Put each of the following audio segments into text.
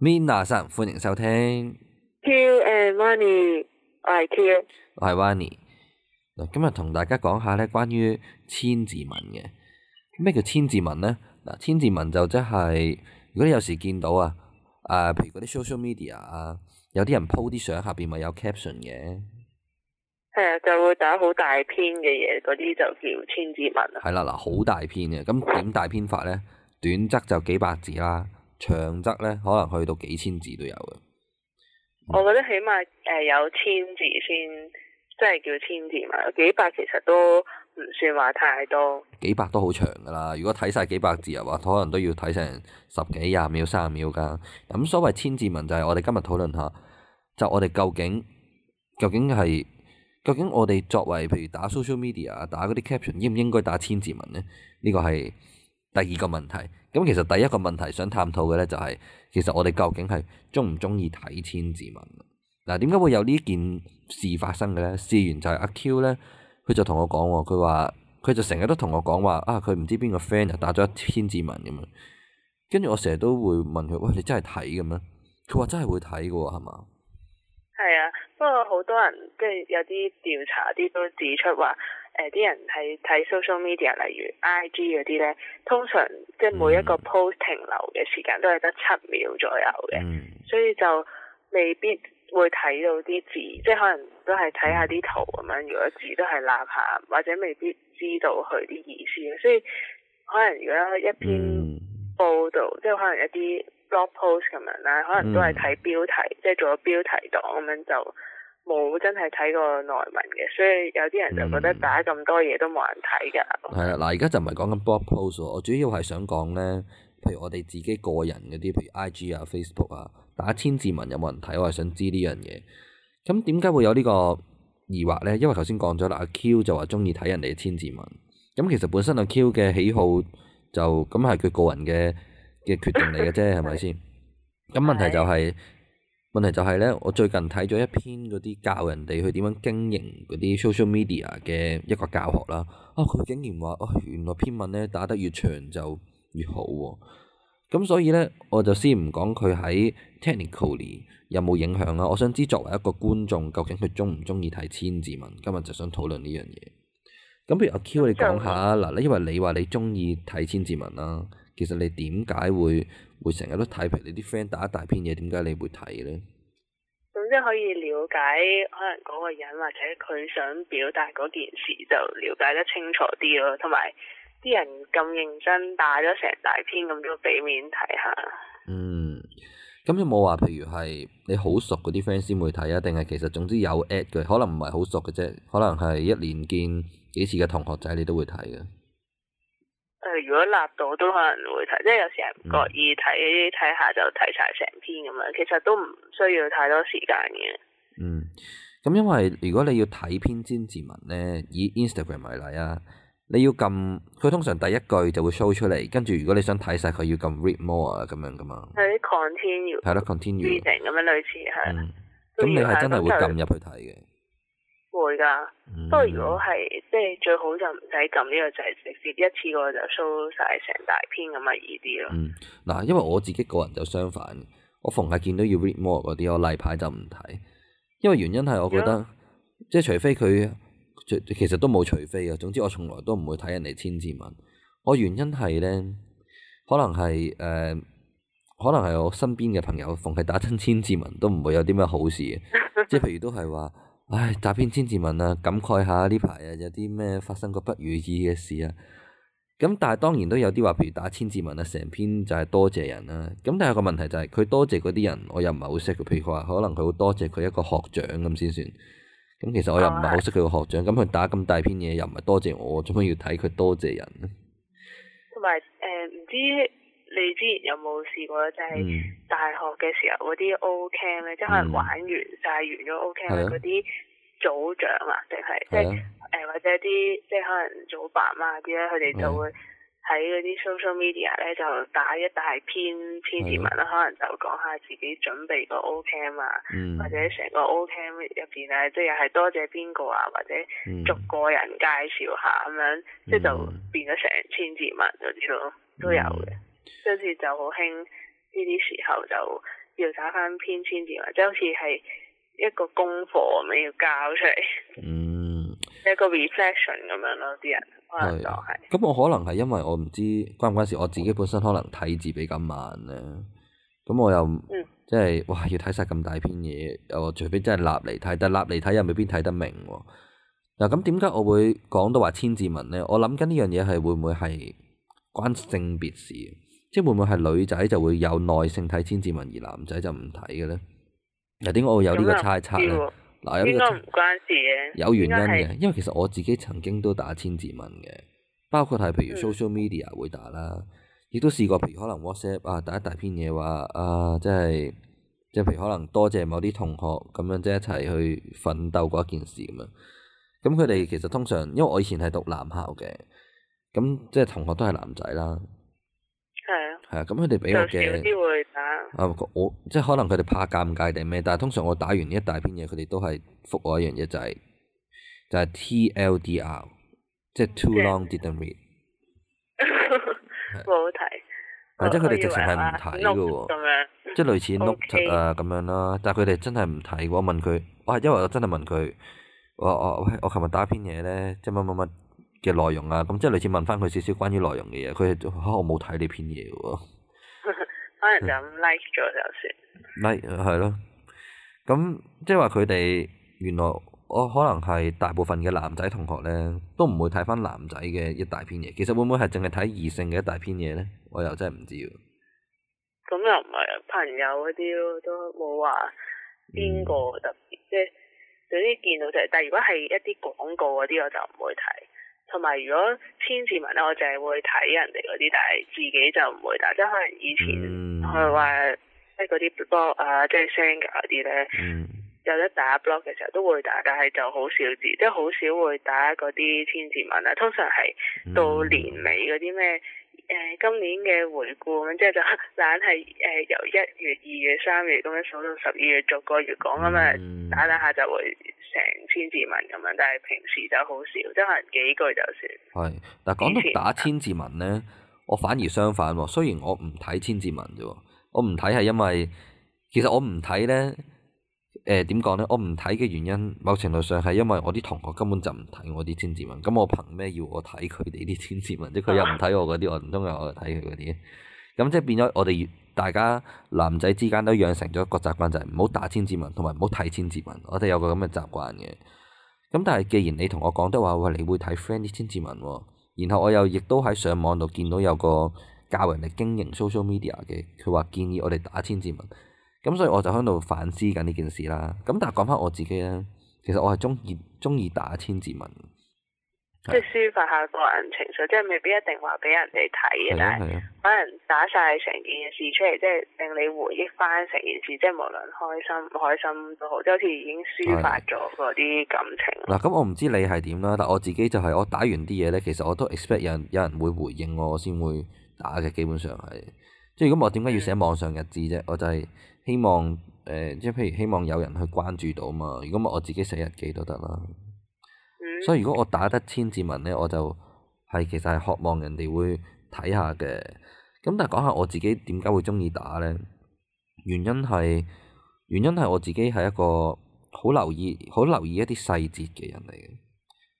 Mina さん，歡迎收聽。我係 Wanny，我係 Wanny。嗱，今日同大家講下咧，關於千字文嘅。咩叫千字文咧？嗱，千字文就即係如果你有時見到啊，誒、呃，譬如嗰啲 social media 啊，有啲人鋪啲相下邊咪有 caption 嘅，係啊，就會打好大篇嘅嘢，嗰啲就叫千字文。係啦，嗱，好大篇嘅，咁點大篇法咧？短則就幾百字啦。長則咧，可能去到幾千字都有嘅。我覺得起碼誒有千字先，即係叫千字文，幾百其實都唔算話太多。幾百都好長㗎啦，如果睇晒幾百字嘅話，可能都要睇成十幾廿秒、三十秒㗎。咁所謂千字文就係我哋今日討論下，就我哋究竟究竟係究竟我哋作為譬如打 social media 啊，打嗰啲 caption 應唔應該打千字文呢？呢、呢個係。第二個問題，咁其實第一個問題想探討嘅咧就係、是，其實我哋究竟係鍾唔鍾意睇千字文？嗱、啊，點解會有呢件事發生嘅咧？自完就係阿 Q 咧，佢就同我講喎，佢話佢就成日都同我講話啊，佢唔知邊個 friend 就打咗一千字文咁啊，跟住我成日都會問佢，喂，你真係睇嘅咩？佢話真係會睇嘅喎，係嘛？係啊，不過好多人即係有啲調查啲都指出話。誒啲人係睇 social media，例如 IG 嗰啲咧，通常即係每一個 post 停留嘅時間都係得七秒左右嘅，mm. 所以就未必會睇到啲字，即係可能都係睇下啲圖咁樣。如果字都係立下，或者未必知道佢啲意思，所以可能如果一篇報道，mm. 即係可能一啲 blog post 咁樣啦，可能都係睇標題，mm. 即係做咗標題黨咁樣就。冇真係睇過內文嘅，所以有啲人就覺得打咁多嘢都冇人睇㗎。係啦、嗯，嗱、嗯，而家就唔係講緊 blog post 我主要係想講呢，譬如我哋自己個人嗰啲，譬如 I G 啊、Facebook 啊，打千字文有冇人睇？我係想知呢樣嘢。咁點解會有呢個疑惑呢？因為頭先講咗啦，Q 就話中意睇人哋嘅千字文。咁其實本身阿 Q 嘅喜好就咁係佢個人嘅嘅決定嚟嘅啫，係咪先？咁是問題就係、是。問題就係、是、咧，我最近睇咗一篇嗰啲教人哋去點樣經營嗰啲 social media 嘅一個教學啦。啊、哦，佢竟然話：哦，原來篇文咧打得越長就越好喎、哦。咁所以咧，我就先唔講佢喺 technically 有冇影響啊。我想知作為一個觀眾，究竟佢鍾唔鍾意睇千字文？今日就想討論呢樣嘢。咁不如阿 Q，你講下啦。嗱，因為你話你鍾意睇千字文啦。其實你點解會會成日都睇平你啲 friend 打一大篇嘢，點解你會睇咧？總之可以了解可能嗰個人或者佢想表達嗰件事就了解得清楚啲咯，同埋啲人咁認真打咗成大片咁都俾面睇下。嗯，咁有冇話譬如係你好熟嗰啲 friend 先會睇啊？定係其實總之有 at 嘅，可能唔係好熟嘅啫，可能係一年見幾次嘅同學仔你都會睇嘅。如果納到都可能會睇，即係有時係唔覺意睇睇下就睇晒成篇咁樣，其實都唔需要太多時間嘅。嗯，咁因為如果你要睇篇千字文咧，以 Instagram 為例啊，你要撳佢通常第一句就會 show 出嚟，跟住如果你想睇晒，佢要撳 read more 啊咁樣噶嘛。係啲、嗯、continue、嗯。係咯，continue。係成咁樣類似係。嗯。咁你係真係會撳入去睇嘅？會噶不過如果係、嗯、即係最好就唔使撳呢個掣，直接一次過就 show 晒成大篇咁啊易啲咯。嗱、嗯，因為我自己個人就相反，我逢係見到要 read more 嗰啲，我例牌就唔睇，因為原因係我覺得、嗯、即係除非佢，其實都冇除非啊。總之我從來都唔會睇人哋千字文。我原因係咧，可能係誒、呃，可能係我身邊嘅朋友逢係打親千字文都唔會有啲咩好事，即係譬如都係話。 唉，打篇千字文啊，感慨下呢排啊，有啲咩發生過不如意嘅事啊。咁但係當然都有啲話，譬如打千字文啊，成篇就係多謝人啦、啊。咁但係個問題就係、是，佢多謝嗰啲人，我又唔係好識佢。譬如話，可能佢好多謝佢一個學長咁先算。咁其實我又唔係好識佢個學長，咁佢、啊、打咁大篇嘢又唔係多謝我，做咩要睇佢多謝人咧？同埋誒，唔、呃、知你之前有冇試過就係大學嘅時候嗰啲 O camp 咧，即係可能玩完晒、嗯、完咗 O camp 啲。組長啊，定係即係誒是的、呃，或者啲即係可能組爸媽啲咧，佢哋就會喺嗰啲 social media 咧就打一大篇千字文啦、啊，可能就講下自己準備個 O Camp 啊，是的 或者成個 O Camp 入邊咧，即係又係多謝邊個啊，或者逐個人介紹下咁樣，即係就變咗成千字文嗰啲咯，都有嘅，跟住就好興呢啲時候就要打翻篇千字文，即係好似係。一個功課咁樣要交出嚟，嗯、一個 reflection 咁樣咯，啲人可能係、就、咁、是。我可能係因為我唔知，關唔關事。我自己本身可能睇字比較慢咧，咁我又、嗯、即係哇，要睇晒咁大篇嘢，我除非真係立嚟睇，但立嚟睇又未必睇得明喎。嗱，咁點解我會講到話千字文咧？我諗緊呢樣嘢係會唔會係關性別事？即係會唔會係女仔就會有耐性睇千字文，而男仔就唔睇嘅咧？點解我會有呢個猜測咧？嗱，有呢個猜測唔關事嘅，有原因嘅。因為其實我自己曾經都打千字文嘅，包括係譬如 social media 會打啦，亦都試過譬如可能 WhatsApp 啊，打一大篇嘢話啊，即係即係譬如可能多謝某啲同學咁樣即係一齊去奮鬥過一件事咁樣。咁佢哋其實通常，因為我以前係讀男校嘅，咁即係同學都係男仔啦。係啊。係啊，咁佢哋俾我嘅，就少啲會打即係可能佢哋怕尷尬定咩？但係通常我打完呢一大篇嘢，佢哋都係覆我一樣嘢，就係、是、就係 T L D R，即係 too long didn't read，冇睇。但係即係佢哋直情係唔睇㗎喎，即係類似 note 啊咁樣啦。okay. 但係佢哋真係唔睇，我問佢，我係因為我真係問佢，我我喂，我琴日打篇嘢咧，即係乜乜乜嘅內容啊？咁即係類似問翻佢少少關於內容嘅嘢，佢就話我冇睇呢篇嘢喎。可能就咁 like 咗就算。like 係咯，咁即係話佢哋原來我可能係大部分嘅男仔同學咧，都唔會睇翻男仔嘅一大篇嘢。其實會唔會係淨係睇異性嘅一大篇嘢咧？我真又真係唔知。咁又唔係朋友嗰啲都冇話邊個特別，嗯、即係總之見到就係。但係如果係一啲廣告嗰啲，我就唔會睇。同埋如果千字文咧，我淨係會睇人哋嗰啲，但係自己就唔會打。即係可能以前佢話即係嗰啲 blog 啊，即係 Xanga 嗰啲咧，有得、嗯、打 blog 嘅時候都會打，但係就好少字，即係好少會打嗰啲千字文啊。通常係到年尾嗰啲咩？嗯嗯。誒今年嘅回顧即係，就懶係誒由一月、二月、三月咁樣數到十二月逐個月講啊嘛，嗯、打打下就會成千字文咁樣，但係平時就好少，即係可能幾句就算。係，但係講到打千字文咧，前我反而相反喎。雖然我唔睇千字文啫喎，我唔睇係因為其實我唔睇咧。誒點講咧？我唔睇嘅原因，某程度上係因為我啲同學根本就唔睇我啲千字文，咁我憑咩要我睇佢哋啲千字文？即佢又唔睇我嗰啲，我唔中意我睇佢嗰啲。咁、嗯、即變咗，我哋大家男仔之間都養成咗一個習慣，就係唔好打千字文，同埋唔好睇千字文。我哋有個咁嘅習慣嘅。咁、嗯、但係，既然你同我講的話，喂，你會睇 friend 啲千字文喎、哦，然後我又亦都喺上網度見到有個教人哋經營 social media 嘅，佢話建議我哋打千字文。咁所以我就喺度反思緊呢件事啦。咁但係講翻我自己咧，其實我係中意中意打千字文，即係抒發下個人情緒，即係未必一定話俾人哋睇嘅。嗯的，係可能打晒成件事出嚟，即係令你回憶翻成件事，即係無論開心唔開心都好，即係好似已經抒發咗嗰啲感情。嗱的，咁、嗯、我唔知你係點啦，但我自己就係、是、我打完啲嘢咧，其實我都 expect 有人有人會回應我，先會打嘅。基本上係。即係如果我點解要寫網上日誌啫？我就係希望誒，即、呃、係譬如希望有人去關注到嘛。如果唔係我自己寫日記都得啦。嗯、所以如果我打得千字文咧，我就係其實係渴望人哋會睇下嘅。咁但係講下我自己點解會鍾意打咧？原因係原因係我自己係一個好留意好留意一啲細節嘅人嚟嘅。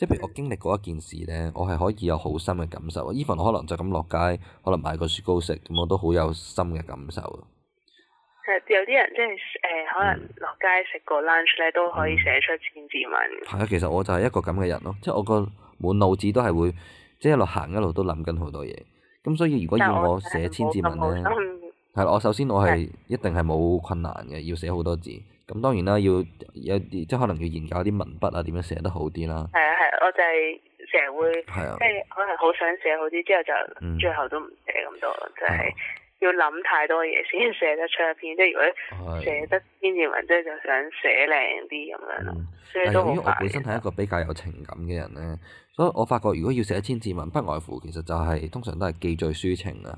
即係譬如我經歷過一件事咧，我係可以有好深嘅感受。Even 可能就咁落街，可能買個雪糕食，咁我都好有深嘅感受。係有啲人即係誒，可能落街食個 lunch 咧，嗯，都可以寫出千字文。係啊，其實我就係一個咁嘅人咯，即係我個滿腦子都係會，即係一路行一路都諗緊好多嘢。咁所以如果要我寫千字文咧，係我，我首先我係一定係冇困難嘅，要寫好多字。咁當然啦，要有即係可能要研究啲文筆啊，點樣寫得好啲啦。係啊。我就係成日會，即係、啊、可能好想寫好啲，之後就最後都唔寫咁多，嗯、就係要諗太多嘢先寫得出一篇。即係、嗯、如果寫得千字文，即係就想寫靚啲咁樣咯。但係因為我本身係一個比較有情感嘅人咧，嗯、所以我發覺如果要寫千字文，不外乎其實就係、係、通常都係記敘抒情啊。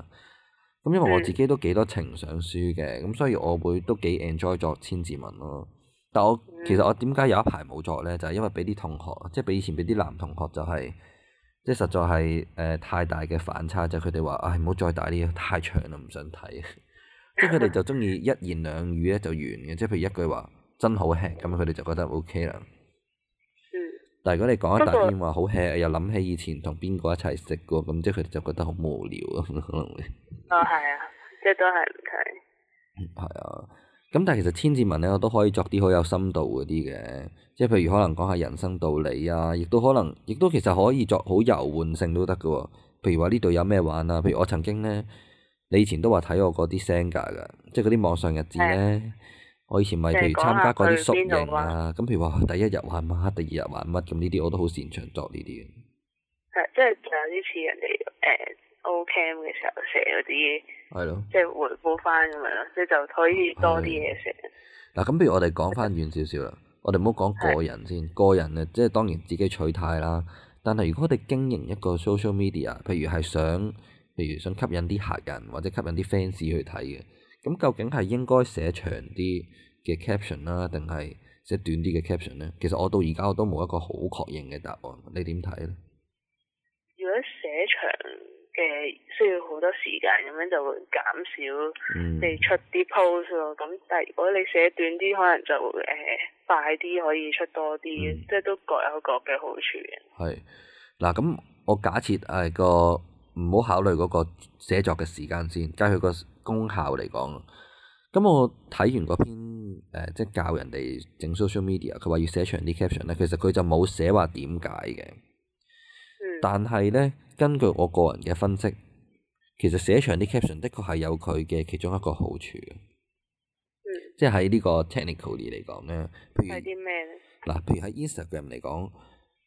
咁因為我自己都幾多情想抒嘅，咁所以我會都幾 enjoy 作千字文咯。但我其實我點解有一排冇做咧？就係、是、因為畀啲同學，即係畀以前畀啲男同學、就是，就係即係實在係誒、呃、太大嘅反差，就係佢哋話：唉、哎，唔好再打啲，太長啦，唔想睇。 即係佢哋就鍾意一言兩語咧就完嘅，即係譬如一句話真好吃，咁佢哋就覺得 OK 啦。嗯、但係如果你講一大段話好吃，又諗起以前同邊個一齊食過，咁即係佢哋就覺得好無聊、 哦、啊，就是、是可能會。哦，係啊，即係都係唔睇。係啊。咁但係其實千字文咧，我都可以作啲好有深度嗰啲嘅，即係譬如可能講下人生道理啊，亦都可能，亦都其實可以作好遊玩性都得嘅喎。譬如話呢度有咩玩啊？譬如我曾經咧，你以前都話睇我嗰啲 Xanga 嘅，即係嗰啲網上日誌咧，嗯、我以前咪譬如參加嗰啲宿營啊，咁譬如話第一日玩乜，第二日玩乜，咁呢啲我都好擅長作呢啲嘅。係、嗯，即係有啲似人哋誒 O camp 嘅時候寫嗰啲。係咯，即係回覆翻咁樣咯，即係的就可以多啲嘢寫。嗱咁、啊，不如我哋講翻遠少少啦，的我哋唔好講個人先，個人呢，即係當然自己取態啦。但係如果我哋經營一個 social media，譬如係想，譬如想吸引啲客人或者吸引啲 fans 去睇嘅，咁究竟係應該寫長啲嘅 caption 啦，定係寫短啲嘅 caption 咧？其實我到而家我都冇一個好確認嘅答案，你點睇咧？如果寫長？嘅需要好多時間咁樣就會減少你出啲 post 咯，咁、嗯、但係如果你寫短啲，可能就誒快啲可以出多啲，嗯、即係都各有各嘅好處嘅。係，嗱咁我假設係、哎、個唔好考慮嗰個寫作嘅時間先，加佢個功效嚟講啊。咁我睇完嗰篇誒、呃，即係教人哋整 social media，佢話要寫長啲 caption 咧，其實佢就冇寫話點解嘅，嗯、但係咧。根據我個人嘅分析，其實寫長啲 caption 的確係有佢嘅其中一個好處、嗯、即係喺呢個 technical 嚟講咧，譬如嗱，譬如喺 Instagram 嚟講，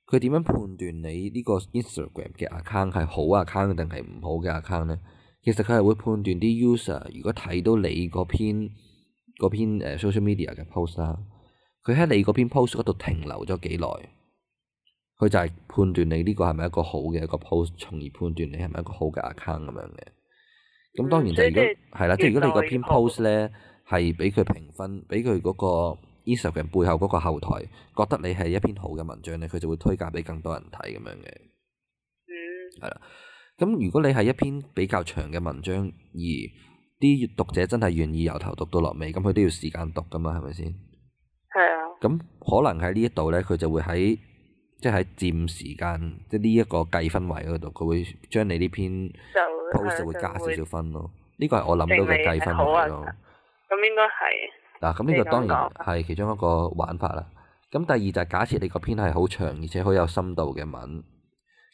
佢點樣判斷你個呢個 Instagram 嘅 account 係好 account 定係唔好嘅 account 咧？其實佢係會判斷啲 user 如果睇到你嗰篇嗰篇誒 social media 嘅 post 啦，佢喺你嗰篇 post 嗰度停留咗幾耐。佢就係判斷你呢個係咪一個好嘅一個 post，從而判斷你係咪一個好嘅 account 咁樣嘅。咁當然就係如果係啦， 即係如果你個篇 post 咧係畀佢評分，畀佢嗰個 Instagram、e、背後嗰個後台覺得你係一篇好嘅文章咧，佢就會推介畀更多人睇咁樣嘅。嗯。係啦，咁如果你係一篇比較長嘅文章，而啲讀者真係願意由頭讀到落尾，咁佢都要時間讀㗎嘛，係咪先？係啊、嗯。咁可能喺呢一度咧，佢就會喺。即係喺佔時間，即呢一個計分位嗰度，佢會將你呢篇 post 會,會加少少分咯。呢個係我諗到嘅計分位咯。咁、啊、應該係嗱，咁呢個當然係其中一個玩法啦。咁、嗯、第二就係假設你個篇係好長而且好有深度嘅文，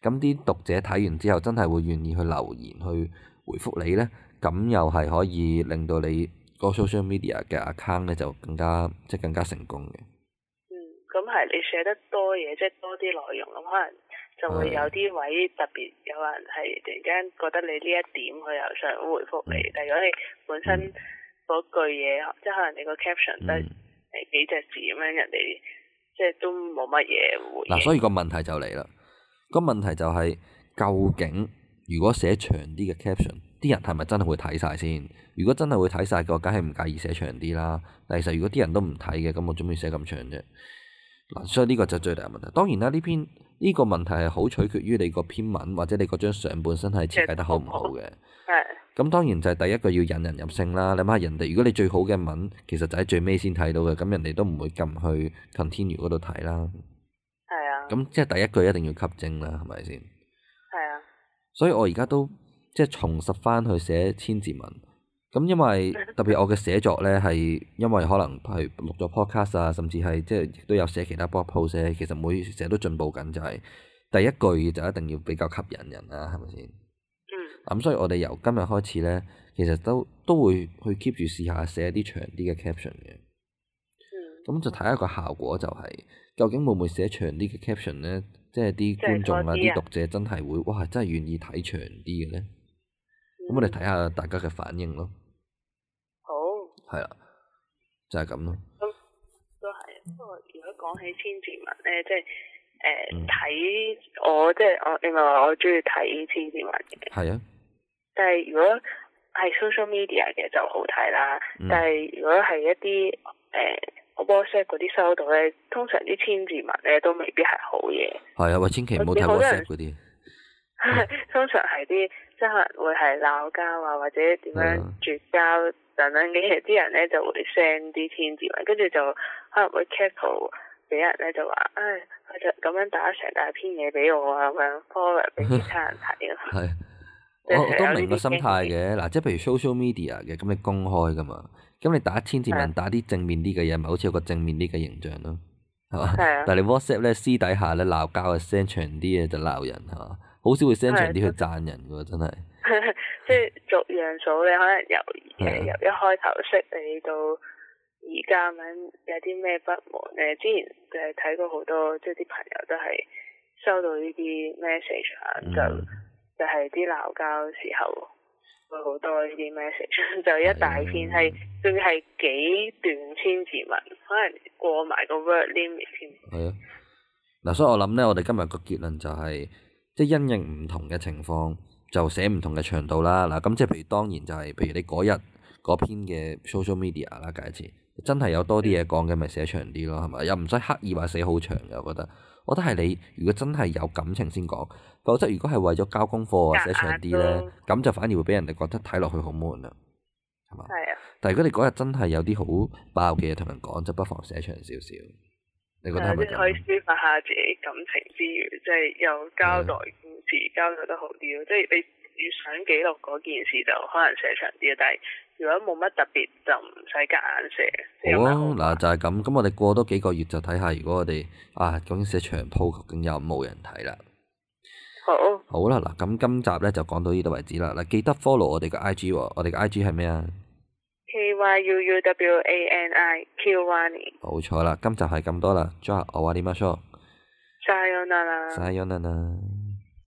咁啲讀者睇完之後真係會願意去留言去回覆你咧，咁又係可以令到你個 social media 嘅 account 咧就更加即更加成功嘅。咁係你寫得多嘢，即係多啲內容咁， 嗯、 可能就會有啲位特別有人係突然間覺得你呢一點佢又想回覆你。但如果你本身嗰句嘢，即係可能你 ca 個 caption 得係幾隻字咁樣，嗯、人哋即係都冇乜嘢回覆。嗱、嗯，所以個問題就嚟啦。個問題就係、係、究竟如果寫長啲嘅 caption，啲人係咪真係會睇晒先？如果真係會睇晒，嘅梗係唔介意寫長啲啦。但其實如果啲人都唔睇嘅，咁我點會寫咁長啫？所以呢個就係最大問題。當然啦，呢篇呢、這個問題係好取決於你個篇文或者你嗰張相本身係設計得好唔好嘅。係、嗯。咁當然就係第一個要引人入勝啦。嗯、你諗下人哋，如果你最好嘅文其實就喺最尾先睇到嘅，咁人哋都唔會撳去 continue 嗰度睇啦。係啊、嗯。咁即係第一句一定要吸睛啦，係咪先？係啊、嗯。嗯、所以我而家都即係重拾翻去寫千字文。咁因為特別我嘅寫作咧係因為可能係錄咗 podcast 啊，甚至係即係亦都有寫其他 blogpost 其實每寫都進步緊、就是，就係第一句就一定要比較吸引人啦、啊，係咪先？嗯。咁、嗯、所以我哋由今日開始咧，其實都都會去 keep 住試下寫啲長啲嘅 caption 嘅。咁、嗯、就睇下個效果就係、是、究竟會唔會寫長啲嘅 caption 咧？即係啲觀眾啊、啲讀者真係會哇，真係願意睇長啲嘅咧。咁、嗯、我哋睇下大家嘅反應咯。係啦、啊，就係咁咯。都係。不過如果講起千字文咧，即係誒睇我即係、就是、我另外我中意睇千字文嘅。係啊。但係如果係 social media 嘅就好睇啦。嗯、但係如果係一啲誒 WhatsApp 嗰啲收到咧，通常啲千字文咧都未必係好嘢。係啊，喂，千祈唔好睇 WhatsApp 嗰啲。通常係啲即係可能會係鬧交啊，或者點樣絕交。等等嘅，其實啲人咧就會 send 啲千字文，跟住就可能會 capture 俾人咧就話，唉、哎，我就咁樣打成大篇嘢俾我啊，咁樣 follow 俾其他人睇啊。係 我，我都明個心態嘅，嗱，即係譬如 social media 嘅，咁你公開噶嘛，咁你打千字文、啊、打啲正面啲嘅嘢咪好似有個正面啲嘅形象咯，係嘛？啊、但係你 WhatsApp 咧私底下咧鬧交啊，send 長啲嘅就鬧人係嘛，好少會 send 長啲去讚人㗎，真係。 即係逐樣數，你可能由誒的由一開頭識你到而家咁，有啲咩不滿咧？之前就係睇過好多，即係啲朋友都係收到呢啲 message 啊，嗯、就就係啲鬧交時候會好多呢啲 message，就一大片，係仲的要係幾段千字文，可能過埋個 word limit 添的。係啊，嗱，所以我諗咧，我哋今日個結論就係即係因應唔同嘅情況。就寫唔同嘅長度啦，嗱咁即係譬如當然就係、是、譬如你嗰日嗰篇嘅 social media 啦，假設真係有多啲嘢講嘅，咪寫長啲咯，係咪？又唔使刻意話寫好長嘅，我覺得，我覺得係你如果真係有感情先講，否則如果係為咗交功課啊寫長啲咧，咁的就反而會俾人哋覺得睇落去好悶啦，係嘛的？係啊吧。但係如果你嗰日真係有啲好爆嘅嘢同人講，就不妨寫長少少，你覺得係咪？即係可以抒發下自己感情之餘，即係有交代。的時交代得好啲咯，即係你越想記錄嗰件事就可能寫長啲，但係如果冇乜特別就唔使夾硬寫。哦、啊，嗱、啊、就係、是、咁，咁我哋過多幾個月就睇下，如果我哋啊究竟寫長鋪究竟有冇人睇啦？好、啊。好啦、啊，嗱，咁今集咧就講到呢度為止啦。嗱，記得 follow 我哋嘅 I G、哦、我哋嘅 I G 係咩啊？K Y U U W A N I K Y U W A N I。冇錯啦，今集係咁多啦。John，我話點樣說？Sayonara。Sayonara。